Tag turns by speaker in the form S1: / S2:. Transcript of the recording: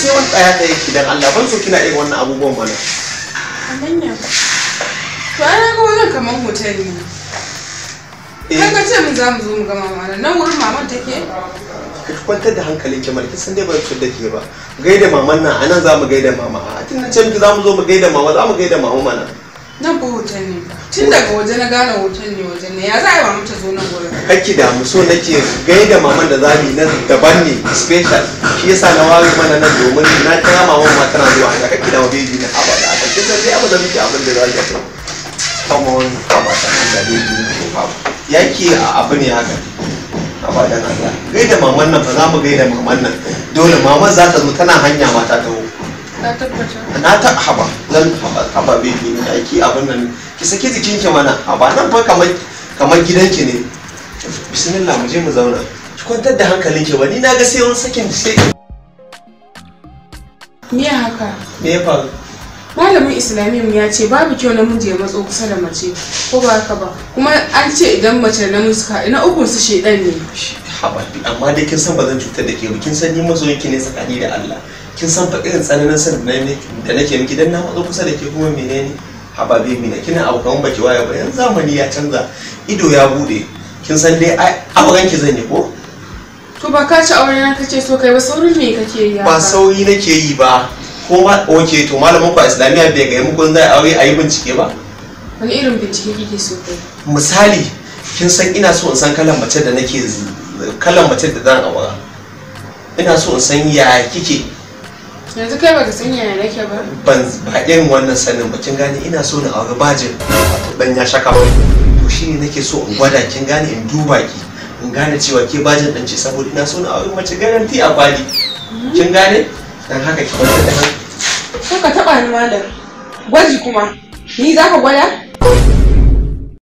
S1: sai wani ɗaya ɗaya ki dan Allah ban so kina irin wannan abubuwan mana. Amanya ba. To ai ga wannan kamar hotel ne. Eh. Kan ka ce mu za mu zo mu ga mama nan nan wurin maman take. Ki kwantar da hankalin ki malki san dai ba ki da ke ba. Gaida maman nan anan za mu gaida mama. A tun nan ce miki za mu zo mu gaida mama za mu gaida mama mana. Nan ba hotel ne. Tun daga waje na gane hotel ne waje ne. Ya za a yi wa ta zo nan gurin. Kaki da mu so nake gaida maman da za mu yi na daban ne special. shi yasa na ware mana nan domin na kira ma ma tana zuwa ga kake da bebi na A da aka kin sai abin da muke abin da ka yi kama wani kama ta da bebi ne ko haba yake abu ne haka haba dan Allah gaida maman nan ba za mu gaida maman nan dole maman za ta zo tana hanya ma ta taho na ta haba zan haba bebi ne aiki abin nan ki saki ki mana haba nan fa kamar kamar gidanki ne bismillah mu je mu zauna kwantar da hankalin ke ba ni na ga sai wani sakin sai me haka me ya faru malamin islamiyyar ya ce babu kyau namiji ya matso kusa da mace ko ba haka ba kuma an ce idan mace da namiji suka na ukun su shedan ne amma dai kin san ba zan cutar da ke ba kin san ni mazo yake ne tsakani da Allah kin san fa irin tsananin san da nake miki dan na matso kusa da ke kuma menene hababe mina kina abokan baki waya ba yan zamani ya canza ido ya bude kin san dai ai abokan ki zan yi ko to ba ka ci aure na kace so kai ba saurin me kake yi ba sauri nake yi ba ko ma oke to malamin ku islamiya bai ga muku zai aure ayi bincike ba wani irin bincike kike so kai misali kin san ina so in san kalan mace da nake kalan mace da zan aura ina so in san ya kike yanzu kai ba ka san yaya nake ba ban ba irin wannan sanin ba kin gane ina so na aure bajin wato dan ya shaka ba to shine nake so in gwada kin gane in duba ki in gane cewa ke bajin ɗan saboda ina so na aure mace garanti a bali kin gane dan haka ki kwanta da ka taba ni malam gwaji kuma ni za ka gwada